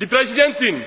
Die Präsidentin!